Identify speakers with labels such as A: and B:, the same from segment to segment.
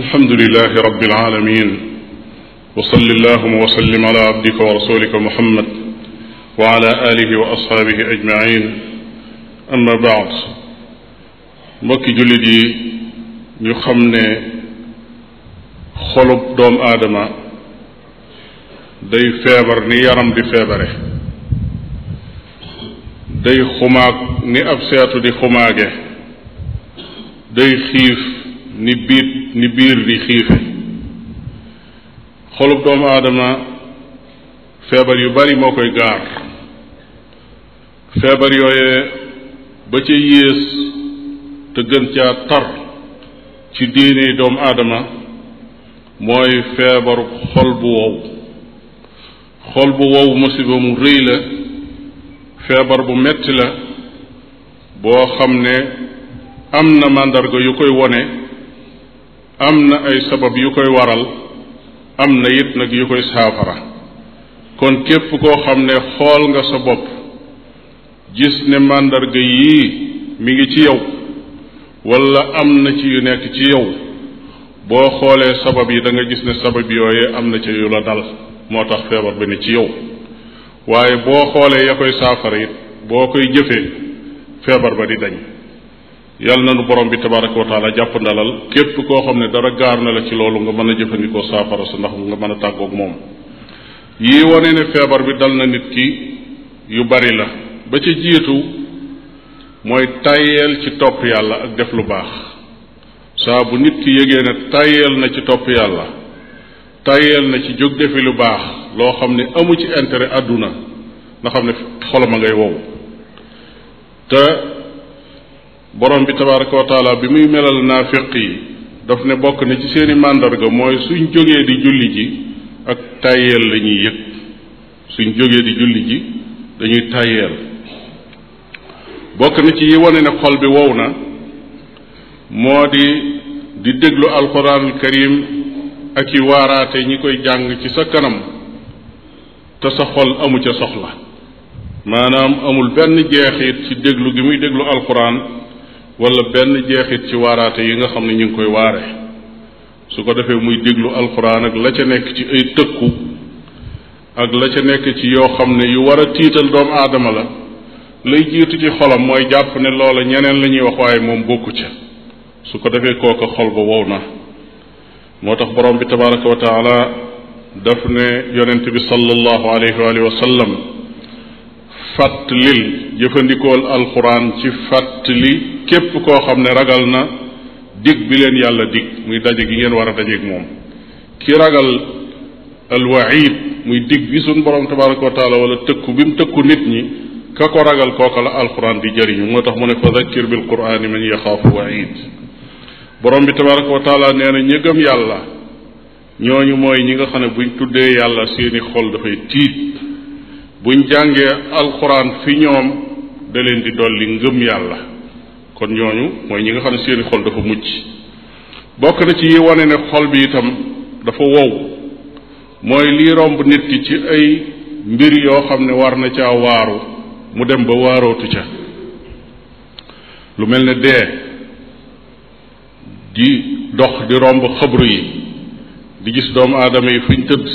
A: alhamdulilahi rabbil alamin wa salli allahuma wa sallim ala abdika wa rasulika muhammad wa ala alihi wa ashaabihi ajmain amma baad mbokki jullit yi ñu xam ne xolub doomu aadama day feebar ni yaram di feebare day xumaag ni ab seetu di xumaage day xiif ni biit ni biir di xiife xolub doomu aadama feebar yu bari moo koy gaar feebar yooye ba ca yées te gën caa tar ci diine doomu aadama mooy feebaru xol bu wow xol bu wow musiba mu rëy la feebar bu metti la boo xam ne am na màndarga yu koy wone am na ay sabab yu koy waral am na it nag yu koy saafara kon képp koo xam ne xool nga sa bopp gis ne màndarga yii mi ngi ci yow wala am na ci yu nekk ci yow boo xoolee sabab yi da nga gis ne sabab yooye am na ci yu la dal moo tax feebar bi ne ci yow waaye boo xoolee ya koy saafara it boo koy jëfee feebar ba di dañ yàlla na nu borom bi tabaraka wa taala jàpp ndalal képp koo xam ne dara gaar na la ci loolu nga mën a jëfandikoo saafara sa ndax nga mën a tàggoog moom yii wane ne feebar bi dal na nit ki yu bari la ba ci jiitu mooy tàyyeel ci topp yàlla ak def lu baax saa nit ki yëgee ne tàyyeel na ci topp yàlla tàyyeel na ci jóg defi lu baax loo xam ne amu ci intérêt àdduna nga xam ne xolam a ngay wow te borom bi tabaraka wa bi muy melal naafiq yi daf ne bokk na ci seeni màndarga mooy suñ jógee di julli ji ak tàyyeel la ñuy yëg suñ jógee di julli ji dañuy tàyyeel bokk na ci yi wane ne xol bi wow na moo di di déglu alquranul karim ak i waaraate ñi koy jàng ci sa kanam te sa xol amu ca soxla maanaam amul benn jeexit ci déglu gi muy déglu alquran wala benn jeexit ci waaraate yi nga xam ne ñu ngi koy waare su ko defee muy déglu alxuraan ak la ca nekk ci ay tëkku ak la ca nekk ci yoo xam ne yu war a tiital doomu aadama la lay jiitu ci xolam mooy jàpp ne loola ñeneen la ñuy wax waaye moom bokku ca su ko defee kooka xol ba wow na moo tax borom bi tabaraka wa taala daf ne yonent bi sallallahu alayhi wa sallam fàttalil jëfandikool alxuraan ci fàttali képp koo xam ne ragal na digg bi leen yàlla dig muy daje gi ngeen war a dajeeg moom ki ragal alwaid muy digg bi suñ borom tabaraka wa taala wala tëkku bi mu tëkku nit ñi ka ko ragal kooka la alquran di jëriñu moo tax mu ne fa zakkir bil qurani man yaxaafu waid borom bi tabaraka wa taala nee na ñi gëm yàlla ñooñu mooy ñi nga xam ne buñ tuddee yàlla seeni xol dafay tiit buñ jàngee alquran fi ñoom da leen di dolli ngëm yàlla kon ñooñu mooy ñi nga xam ne seeni xol dafa mucc bokk na ci yi wane ne xol bi itam dafa wow mooy lii romb nit ki ci ay mbir yoo xam ne war na caa waaru mu dem ba waarootu ca lu mel ne dee di dox di romb xabru yi di gis doomu aadama yi fiñ tëdd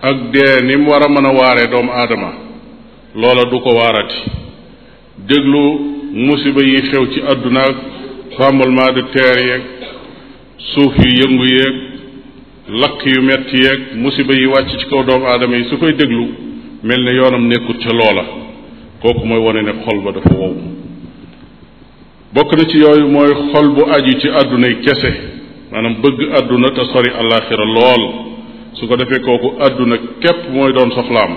A: ak dee ni mu war a mën a waaree doomu aadama loola du ko waarati déglu musiba yi xew ci àdduna ak tremblement de terre yeeg suuf yu yëngu yeeg lakk yu metti yeeg musiba yi wàcc ci kaw doomu aadama yi su koy déglu mel na yoonam nekkut ca loola kooku mooy wane ne xol ba dafa wow bokk na ci yooyu mooy xol bu aju ci àddunay kese maanaam bëgg àdduna te sori àllaaxira lool su ko defee kooku àdduna képp mooy doon soxlaam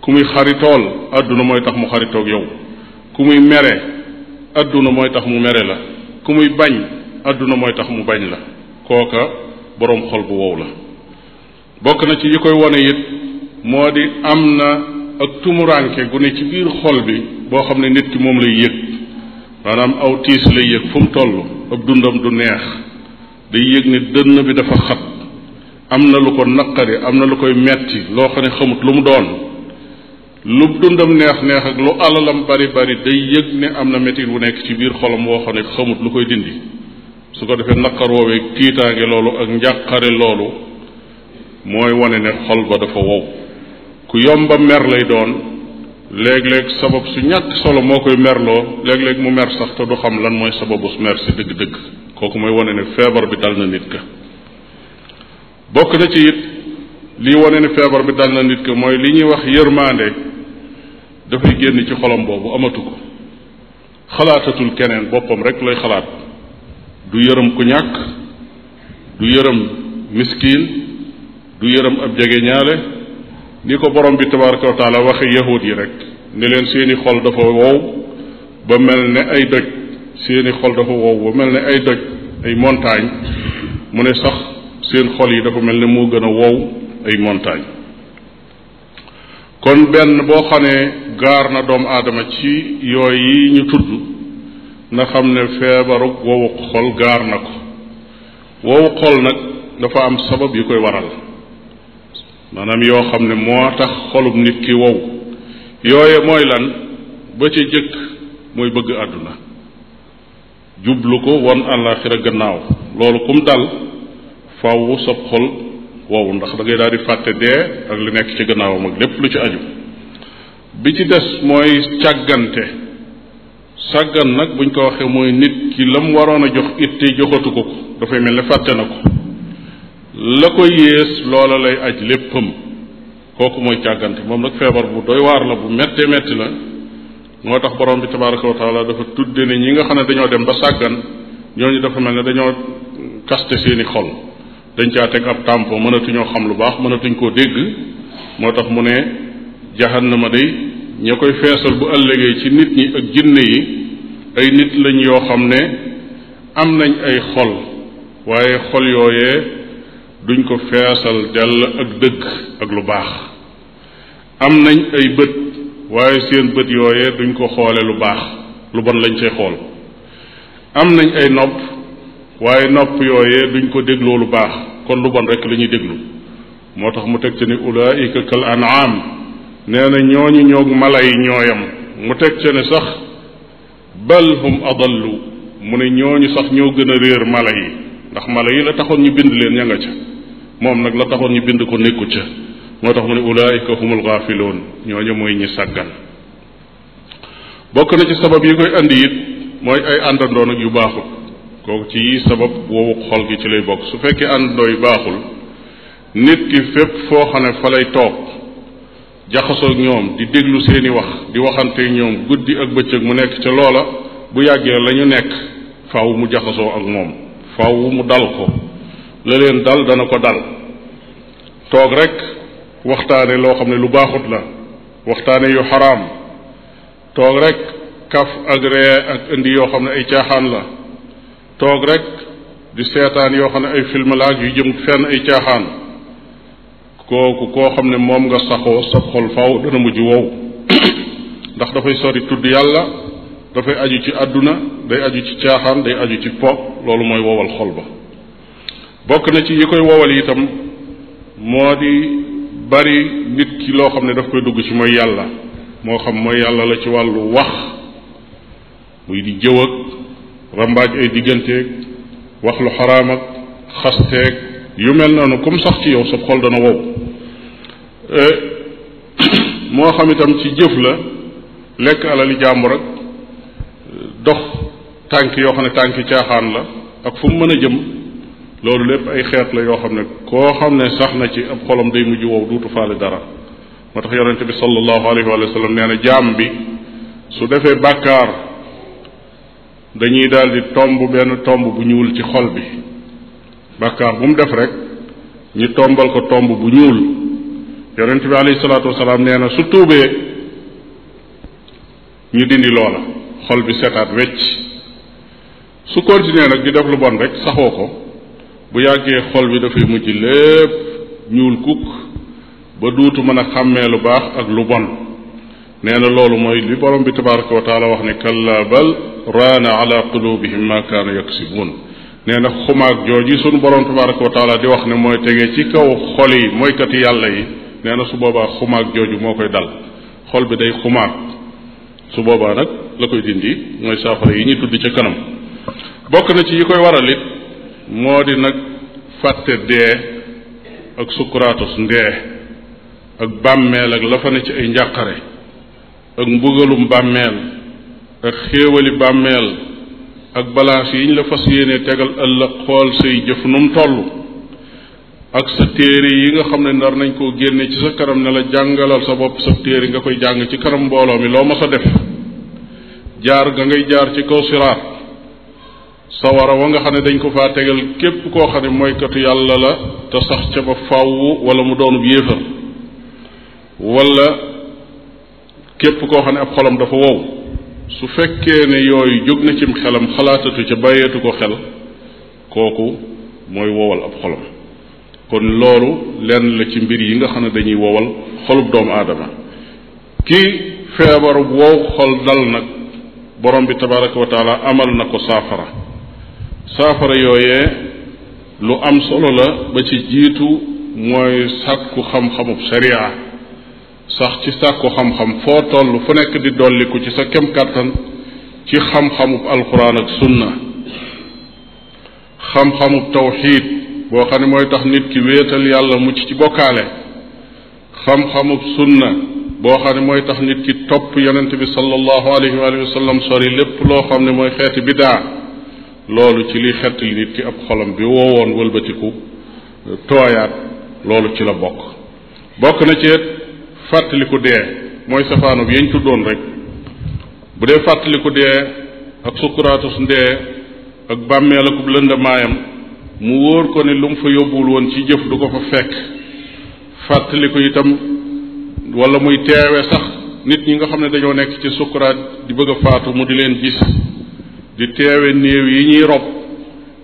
A: ku muy xaritool àdduna mooy tax mu xaritoog yow ku muy mere àdduna mooy tax mu mere la ku muy bañ àdduna mooy tax mu bañ la kooka boroom xol bu wow la bokk na ci yi koy wone it moo di am na ak tumuraanke gu ne ci biir xol bi boo xam ne nit ki moom lay yëg maanaam aw tiis lay yëg fu mu toll ab dundam du neex day yëg ne dënn bi dafa xat am na lu ko naqari am na lu koy metti loo xam ne xamut lu mu doon lu dundam neex neex ak lu alalam bari bari day yëg ne am na metit bu nekk ci biir xolam woo xam ne xamut lu koy dindi su ko defee naqar woowee tiitaange loolu ak njàqare loolu mooy wane ne xol ba dafa wow ku yomba mer lay doon léeg-léeg sabab su ñàkk solo moo koy merloo léeg-léeg mu mer sax te du xam lan mooy sababu mer si dëgg-dëgg kooku mooy wone ne feebar bi dal na nit ka bokk na ci it lii wone ne feebar bi dal na nit ka mooy li ñuy wax yërmaande dafay génn ci xolam boobu amatu ko xalaatatul keneen boppam rek lay xalaat du yërëm ku ñàkk du yërëm miskin du yërëm ab jege ñaale ni ko borom bi tabaraka wa taala waxe yahud yi rek ne leen seeni xol dafa wow ba mel ni ay doj seeni xol dafa wow ba mel ni ay doj ay montagne mu ne sax seen xol yi dafa mel ni moo gën a wow ay montagne kon benn boo xamee gaar na doomu aadama ci yooy yi ñu tudd na xam ne feebaru wowu xol gaar na ko wowu xol nag dafa am sabab yu koy waral maanaam yoo xam ne moo tax xolub nit ki wowu yooye mooy lan ba ca jëkk mooy bëgg àdduna jublu ko won àllaaxira gannaaw loolu kum dal fawwu sab xol wow ndax da ngay daal di fàtte dee ak li nekk ci gannaawam ak lépp lu ci aju bi ci des mooy càggante sàggan nag buñ ko waxee mooy nit ki la mu waroon a jox itte joxatu ko ko dafay mel ne fàtte na ko la ko yées loola lay aj léppam kooku mooy càggante moom nag feebar bu doy waar la bu mettee metti la moo tax borom bi tabaraka wa taala dafa tudde ne ñi nga xam ne dañoo dem ba sàggan ñooñu dafa mel ne dañoo kaste seeni xol dañ caa teg ab tàmpo mënatuñoo xam lu baax mënatuñ koo dégg moo tax mu ne jahannama day ña koy feesal bu ëllëgee ci nit ñi ak jinne yi ay nit lañ yoo xam ne am nañ ay xol waaye xol yooyee duñ ko feesal dell ak dëgg ak lu baax am nañ ay bët waaye seen bët yooyee duñ ko xoole lu baax lu bon lañ cay xool am nañ ay nopp waaye nopp yooyee duñ ko dégloo lu baax kon lu bon rek la ñuy déglu moo tax mu teg ci ne ulaika kal an'am nee na ñooñu ñoog mala yi ñooyam mu teg ca ne sax bal hum adallu mu ne ñooñu sax ñoo gën a réer mala yi ndax mala yi la taxoon ñu bind leen ña nga ca moom nag la taxoon ñu bind ko nekku ca moo tax mu ne ulaayika humul gaafiloon ñooñu mooy ñi sàggan bokk na ci sabab yi koy andi it mooy ay àndandoon yu baaxul kooku ci yi sabab woowu xol gi ci lay bokk su fekkee àndandoo yu baaxul nit ki fépp foo xam ne fa lay toog jaxasoo ñoom di déglu seeni wax di waxante ñoom guddi ak bëccëg mu nekk ca loola bu yàggee lañu nekk faaw mu jaxasoo ak moom faaw mu dal ko la leen dal dana ko dal toog rek waxtaane loo xam ne lu baaxut la waxtaane yu xaraam toog rek kaf ak ree ak indi yoo xam ne ay caaxaan la toog rek di seetaan yoo xam ne ay film la ak yu jëm fenn ay caaxaan kooku koo xam ne moom nga saxoo sab xol faw dana mujj wow ndax dafay sori tudd yàlla dafay aju ci àdduna day aju ci caaxaan day aju ci pop loolu mooy wowal xol ba bokk na ci yi koy wowal itam moo di bari nit ki loo xam ne daf koy dugg ci mooy yàlla moo xam mooy yàlla la ci wàllu wax muy di jëw ak rambaaj ay digganteeg wax lu xaraam ak yu mel noonu comme sax ci yow sa xol dana wow euh, moo xam itam ci jëf la lekk alali jàmbur ak euh, dox tànk yoo xam ne tànki caaxaan la ak fu mu mën a jëm loolu lépp ay xeet la yoo xam ne koo xam ne sax na ci ab xolam day mujj wow duutu faale dara moo tax yonente bi sallallahu alayhi nee na jaam bi su defee bàkkaar dañuy daal di tomb benn tomb bu ñuul ci xol bi bàkkaar bu mu def rek ñi tombal ko tomb bu ñuul yonent bi alayhi salaatu wasalaam nee na su tuubee ñu dindi loola xol bi setaat wecc su continuer nag di def lu bon rek saxoo ko bu yàggee xol bi dafay mujj lépp ñuul kukk ba duutu mën a xàmmee lu baax ak lu bon nee na loolu mooy li borom bi tabaraka wa taala wax ne kalla bal raana ala qulubihim ma kaanu yaksibuun nee na xumaag jooju sunu borom tabaraka wa taala di wax ne mooy tegee ci kaw xol yi mooykati yàlla yi nee na su boobaa xumaag jooju moo koy dal xol bi day xumaag su boobaa nag la koy dindi mooy saafara yi ñu tudd ca kanam bokk na ci yi koy waral it moo di nag fàtte dee ak sukkuraatus ndee ak bàmmeel ak la fa ne ci ay njàqare ak mbugalum bàmmeel ak xéewali bàmmeel ak balaas yi ñu la fas yéene tegal ëllëg xool say jëf nu mu ak sa téere yi nga xam ne nar nañ koo génne ci sa kanam ne la jàngalal sa bopp sa téere nga koy jàng ci kanam mbooloo mi loo ma sa def jaar ga ngay jaar ci kaw siraat sawara wa nga xam ne dañ ko faa tegal képp koo xam ne mooykatu yàlla la te sax ca ba fàww wala mu doonub yéefar wala képp koo xam ne ab xolam dafa wow su fekkee ne yooyu jóg na cim xelam xalaatatu ca bàyyeetu ko xel kooku mooy wowal ab xolam kon loolu lenn la ci mbir yi nga xam ne dañuy wowal xolub doomu aadama ki feebaru wow xol dal nag borom bi tabaraka wa amal na ko saafara saafara yooyee lu am solo la ba ci jiitu mooy sàkku xam-xamub sharia sax ci sàkku xam-xam foo toll fu nekk di dolliku ci sa kem kàttan ci xam-xamub alquran ak sunna xam-xamub tawxiid boo xam ne mooy tax nit ki wéetal yàlla mucc ci bokkaale xam-xamub sunna boo xam ne mooy tax nit ki topp yonent bi sallallahu alayhi wa sallam sori lépp loo xam ne mooy xeeti bidaa loolu ci liy xett li nit ki ab xolom bi woowoon wëlbatiku tooyaat loolu ci la bokk bokk na ci fàttaliku dee mooy safaanub yañ tuddoon rek bu dee fàttaliku dee ak sukuraatus ndee ak bàmmeel akub lëndamaayam mu wóor ko ni lu mu fa yóbbuwul woon ci jëf du ko fa fekk fàttaliku itam wala muy teewe sax nit ñi nga xam ne dañoo nekk ci sukuraat di bëgg a faatu mu di leen gis di teewe néew yi ñuy rob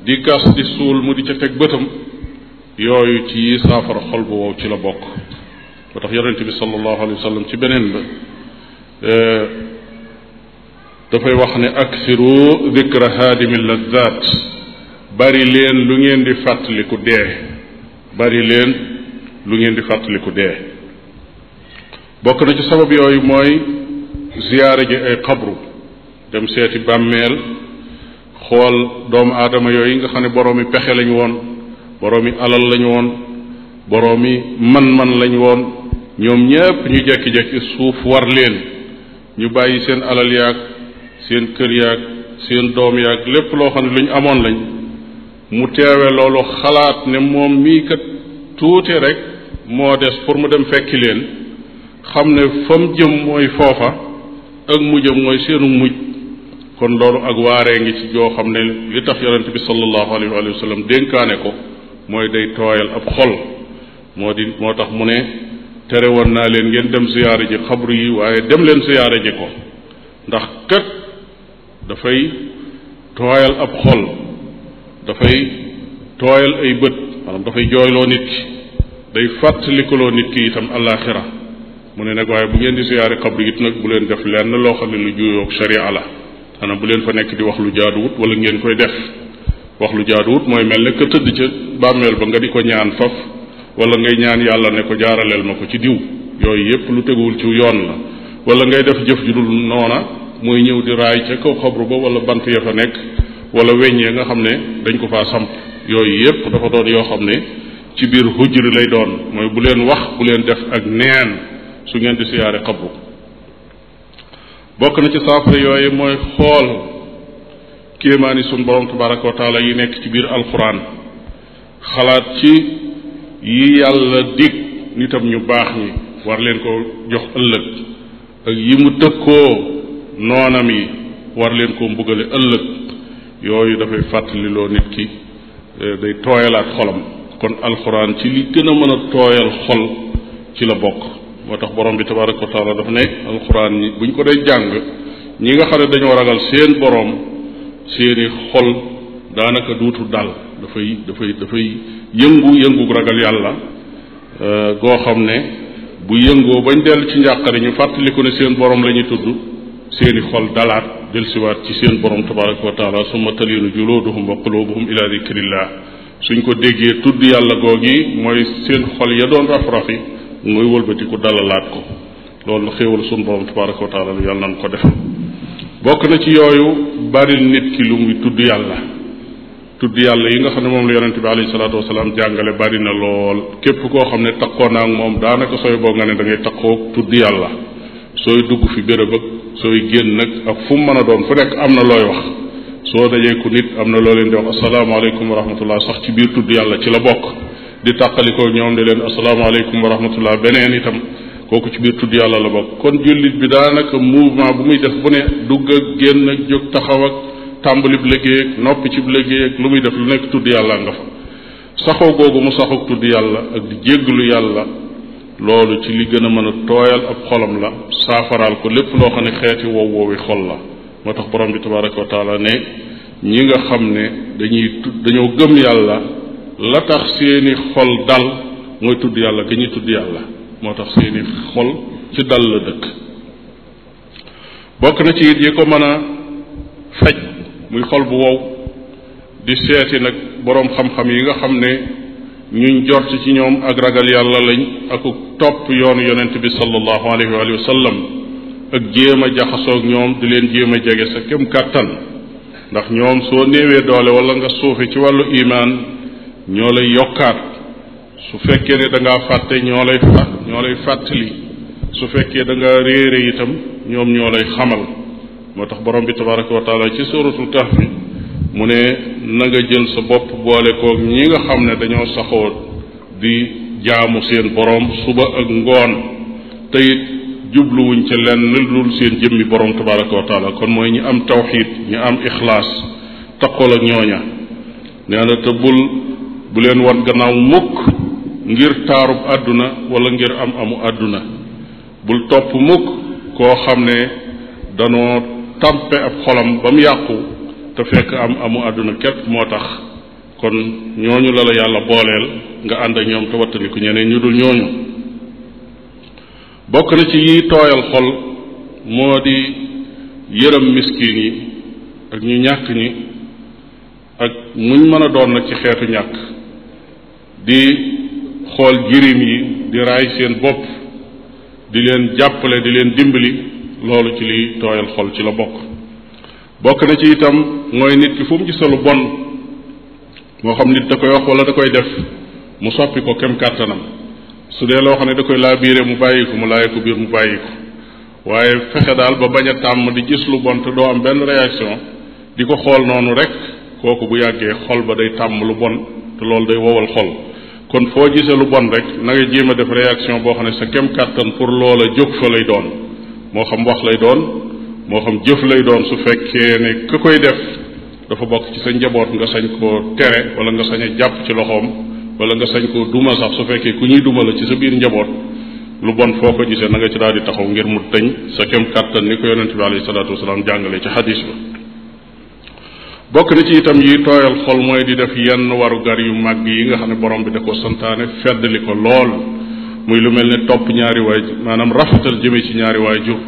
A: di gas di suul mu di ca teg bëtam yooyu ci saafara xol bu wow ci la bokk moo tax yonent bi sallallahu alayhi wa sallam ci beneen ba euh, dafay wax ne aksiru dikra haadimi lazat bari leen lu ngeen di fàttaliku dee bari leen lu ngeen di fàttaliku dee bokk na ci sabab yooyu mooy ziyaare ji ay xabru dem seeti bàmmeel xool doomu aadama yooyu nga xam ne boroomi pexe lañu woon boroomi alal lañu woon boroomi man-man lañu woon ñoom ñépp ñu jekki-jekki suuf war leen ñu bàyyi seen alal yaag seen kër yaag seen doom yaag lépp loo xam ne lu amoon lañ mu teewe loolu xalaat ne moom mii kat tuuti rekk moo des pour mu dem fekki leen xam ne fa mu jëm mooy foofa ak mu jëm mooy seenu mujj kon loolu ak waaree ngi ci joo xam ne li tax yonent bi sallallahu alayhi wa sallam dénkaane ko mooy day tooyal ab xol moo di moo tax mu ne tere woon naa leen ngeen dem siyaare ji xabru yi waaye dem leen siyaare ji ko ndax kat dafay tooyal ab xol dafay tooyal ay bët maanaam dafay jooyloo nit ki day fàttalikuloo nit ki itam allaaxira mu ne nag waaye bu ngeen di siyaare xabru it nag bu leen def lenn loo xam ne lu juyoog sharia la maanaam bu leen fa nekk di wax lu jaaduwut wala ngeen koy def wax lu jaaduwut mooy mel ne ka tëdd ca bàmmeel ba nga di ko ñaan faf wala ngay ñaan yàlla ne ko jaaraleel ma ko ci diw yooyu yépp lu teguwul ci yoon la wala ngay def jëf ju dul noona mooy ñëw di raay ca kaw xabru ba walla bant ya fa nekk wala weñ ya nga xam ne dañ ko fa samp yooyu yépp dafa doon yoo xam ne ci biir hujri lay doon mooy bu leen wax bu leen def ak neen su ngeen di siyaare xabru bokk na ci saafara yooyu mooy xool kéemaani sun borom tabaraka wa taala yi nekk ci biir alquran xalaat ci yi yàlla dig nitam ñu baax ñi war leen ko jox ëllëg ak yi mu tëkkoo noonam yi war leen ko mbugale ëllëg yooyu dafay fàttaliloo nit ki eh, day tooyalaat xolam kon alxuraan ci li gën a mën a tooyal xol ci la bokk moo tax borom bi tabaraka ko taala dafa ne alxuraan bu buñ ko day jàng ñi nga xam ne dañoo ragal seen borom seeni xol daanaka duutu dal dafay dafay dafay yëngu yëngu ragal yàlla euh, goo xam ne bu yëngoo bañ dellu ci njàqare ñu fàttaliku ne seen borom la ñuy tudd seeni xol dalaat dellusiwaat ci seen borom tabaraka wa taala summa talinu juluuduhum wa qulubuhum ila dikrillah suñ ko déggee tudd yàlla googi mooy seen xol ya doon raf-rafi muy wëlbatiku dalalaat ko loolu xéewal sunu borom tabaraka wa taala yàlla nañ ko def bokk na ci yooyu bari nit ki lu muy tudd yàlla tudd yàlla yi nga xam ne moom la yonente bi alayhi salaatu wasalaam jàngale bari na lool képp koo xam ne takkoo naa ak moom daanaka boo nga ne da ngay takkoo tudd yàlla sooy dugg fi béréb ak sooy génn nag ak fu mu mën a doon fu nekk am na looy wax soo dajeeku nit am na loo leen di wax asalaamaaleykum wa rahmatullah sax ci biir tudd yàlla ci la bokk di tàqalikoo ñoom di leen asalaamaaleykum wa rahmatullah beneen itam kooku ci biir tudd yàlla la bokk kon jullit bi daanaka mouvement bu muy def bu ne dugg ak génn ak jóg taxaw tàmbalib liggéey noppi ci liggéey ak lu muy def lu nekk tudd yàlla nga fa saxoo googu mu saxoog tudd yàlla ak di jéggalu yàlla loolu ci li gën a mën a tooyal ab xolam la saafaraal ko lépp loo xam ne xeeti wow woowi xol la moo tax borom bi tabaraka wa taala ne ñi nga xam ne dañuy dañoo gëm yàlla la tax seeni xol dal mooy tudd yàlla ga ñuy tudd yàlla moo tax seeni xol ci dal la dëkk bokk na ci it yi ko mën a faj muy xol bu wow di seeti nag boroom xam-xam yi nga xam ne ñuñ jort ci ñoom ak ragal yàlla lañ ak topp yoonu yonent bi sallallahu alayhi wa sallam ak jéem a jaxasoog ñoom di leen jéem a jege sa kem kàttan ndax ñoom soo néewee doole walla nga suufe ci wàllu imaan ñoo lay yokkaat su fekkee ne danga fàtte ñoo lay fàtt ñoo lay fàttali su fekkee da ngaa réere itam ñoom ñoo lay xamal moo tax borom bi tabaraka wa taala ci suratul kahf bi mu ne na nga jël sa bopp boole koog ñi nga xam ne dañoo saxoo di jaamu seen borom suba ak ngoon te jubluwuñ ca lenn lul seen jëmmi borom tabaraka wa taala kon mooy ñi am tawxid ñi am ixlaas taqool ak ñooña nee na te bu leen wan gannaaw mukk ngir taarub àdduna walla ngir am amu àdduna bul topp mukk koo xam ne danoo tàmpe ab xolam ba yàqu te fekk am amu àdduna képp moo tax kon ñooñu la yàlla booleel nga ànd ak ñoom te wattandiku ñeneen ñu dul ñooñu bokk na ci yi tooyal xol moo di yërëm miskin yi ak ñu ñàkk ñi ak muñ mën a doon nag ci xeetu ñàkk di xool jirim yi di raay seen bopp di leen jàppale di leen dimbali loolu ci liy tooyal xol ci la bokk bokk na ci itam mooy nit ki fu mu gisalu bon moo xam nit da koy wax wala da koy def mu soppi ko kem kàttanam su dee loo xam ne da koy laa biire mu bàyyi ko mu laay ko biir mu bàyyi ko waaye fexe daal ba bañ a tàmm di gis lu bon te doo am benn réaction di ko xool noonu rek kooku bu yàggee xol ba day tàmm lu bon te loolu day wowal xol kon foo gisee lu bon rek na nga jéem a def réaction boo xam ne sa kem kàttan pour loola jóg lay doon moo xam wax lay doon moo xam jëf lay doon su fekkee ne ka koy def dafa bokk ci sa njaboot nga sañ koo tere wala nga sañ jàpp ci loxoom wala nga sañ koo duma sax su fekkee ku ñuy duma la ci sa biir njaboot lu bon foo ko gisee na nga ci daal di taxaw ngir mu tëñ sa kem kàttan ni ko yonente bi alayhi salaatu wasalaam jàngale ci xadis ba bokk na ci itam yi tooyal xol mooy di def yenn waru gar yu mag yi nga xam ne borom bi da ko santaane feddali ko lool muy lu mel ne topp ñaari waajur maanaam rafetal jëme ci ñaari waajur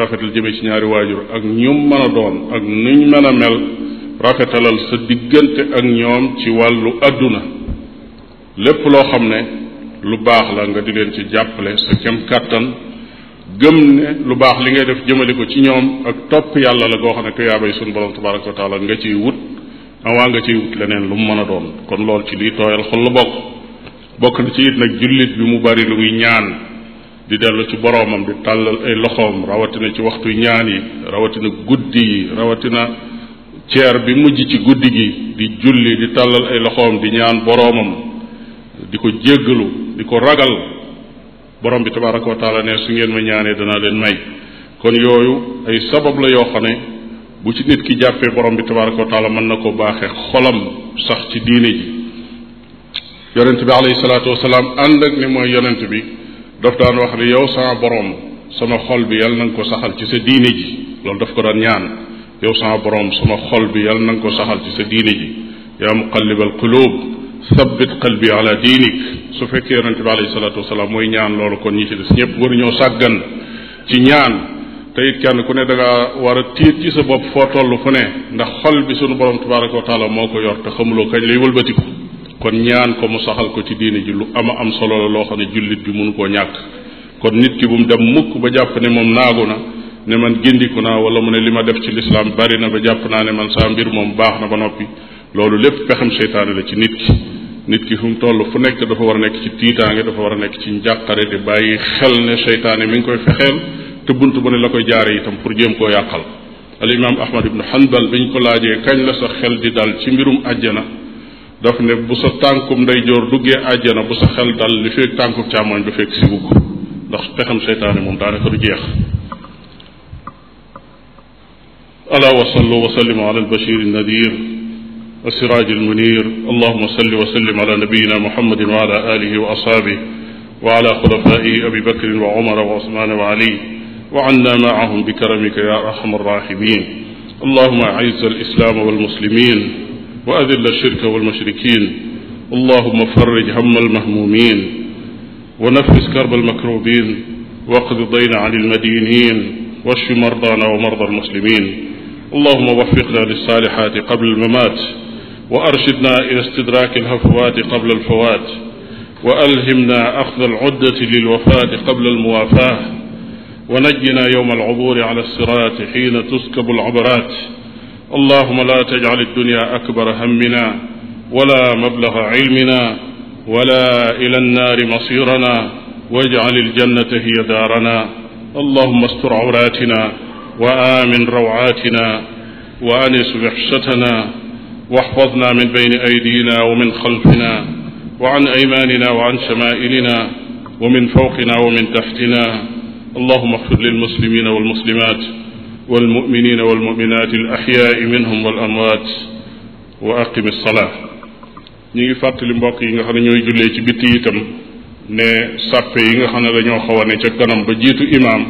A: rafetal jëme ci ñaari waajur ak ñu mën a doon ak nuñ mën a mel rafetalal sa diggante ak ñoom ci wàllu àdduna lépp loo xam ne lu baax la nga di leen ci jàppale sa kem kàttan gëm ne lu baax li ngay def jëmale ko ci ñoom ak topp yàlla la goo xam ne tuyaabay sunu borom tabaraka wa taala nga ciy wut am awaa nga ciy wut leneen lu mu mën a doon kon lool ci lii tooyal xol la bokk bokk na ci it nag jullit bi mu bari lu muy ñaan di dellu ci boroomam di tàllal ay loxoom rawatina ci waxtu ñaan yi rawatina guddi yi rawatina ceer bi mujj ci guddi gi di julli di tàllal ay loxoom di ñaan boroomam di ko jéggalu di ko ragal borom bi tabaraka wa taala ne su ngeen ma ñaanee danaa leen may kon yooyu ay sabab la yoo xam ne bu ci nit ki jàppee borom bi tabaraka wa mën na ko baaxee xolam sax ci diine ji yonent bi alayhi salaatu salaam ànd ak ni mooy yonent bi daf daan wax ne yow sama borom sama xol bi yàlla na nga ko saxal ci sa diine ji loolu daf ko daan ñaan yow sama borom sama xol bi yàlla na ko saxal ci sa diine ji yaa muqallibal qulub sabbit qalbi ala diinik su fekkee yonent bi alayhi salaatu wasalaam mooy ñaan loolu kon ñi ci des ñëpp ñoo sàggan ci ñaan te it kenn ku ne danga war a tiit ci sa bopp foo tollu fu ne ndax xol bi sunu borom tabaraka wa taala moo ko yor te xamuloo kañ lay wëlbatiku kon ñaan ko mu saxal ko ci diine ji lu ama am solo la loo xam ne jullit bi mënu koo ñàkk kon nit ki bu mu dem mukk ba jàpp ne moom naagu na ne man gindiku naa wala mu ne li ma def ci lislaam bari na ba jàpp naa ne man saa mbir moom baax na ba noppi loolu lépp pexam seytaane la ci nit ki nit ki fu mu toll fu nekk dafa war a nekk ci tiitaange dafa war a nekk ci njàqare di bàyyi xel ne seytaane mi ngi koy fexeel te bunt bu ne la koy jaare itam pour jéem koo yàqal al imam ahmad ibnu hanbal bi ñu ko laajee kañ la sa xel di dal ci mbirum àjjana daf ne bu sa tànkum ndeyjoor duggee àjjana bu sa xel dal li fekk tànkum càmmoñ du fekk si wugg ndax pexam seytaane moom daanaka du jeex ala wasallu wasallimu ala albashir nadir والسراج المنير اللهم صل وسلم على نبينا محمد وعلى آله وأصحابه وعلى خلفائه أبي بكر وعمر وعثمان وعلي وعنا معهم بكرمك يا أرحم الراحمين اللهم أعز الإسلام والمسلمين wa adilla shirka walmushrikin allahuma farrij hamma almahmumin wa nafis karba almakrubin waqdi dayna an almadinin washfi mardana wa marda almuslimin allahuma waffiqna lissalihati qabla almamat wa arshidna ila istidraki alhafawati qabla alfawat wa alhimna axda alcuddati lilwafati qabla almuwafaa wa najjina yowma alcuburi ala alsirati xiina tuskabu alcabarat allahuma la tajcal addunia akbara hammina wala mablaga cilmina wala ila annaari masirana wajcal aljannata hiya daarana allahuma astur awratina wa amin rawatina wa anis wixshatana waxfadna min bayni aydina wa min xalfina wa an aymanina wa an shamailina wa min fawqina wa min taxtina allahuma axfir lilmuslimina walmuslimat wal wal والمؤمنين والمؤمنات الأحياء منهم والأموات وأقم الصلاة ñu ngi fàttali mbokk yi nga xam ne ñooy jullee ci yi tam ne sàppe yi nga xam ne dañoo xaw a ne ca kanam ba jiitu imaam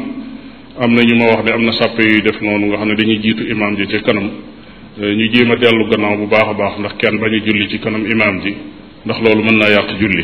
A: am na ñu ma wax ne am na sàppe yuy def noonu nga xam ne dañuy jiitu imaam ji ca kanam ñu jéem a dellu gannaaw bu baax a baax ndax kenn ba ñu julli ci kanam imaam ji ndax loolu mën naa yàq julli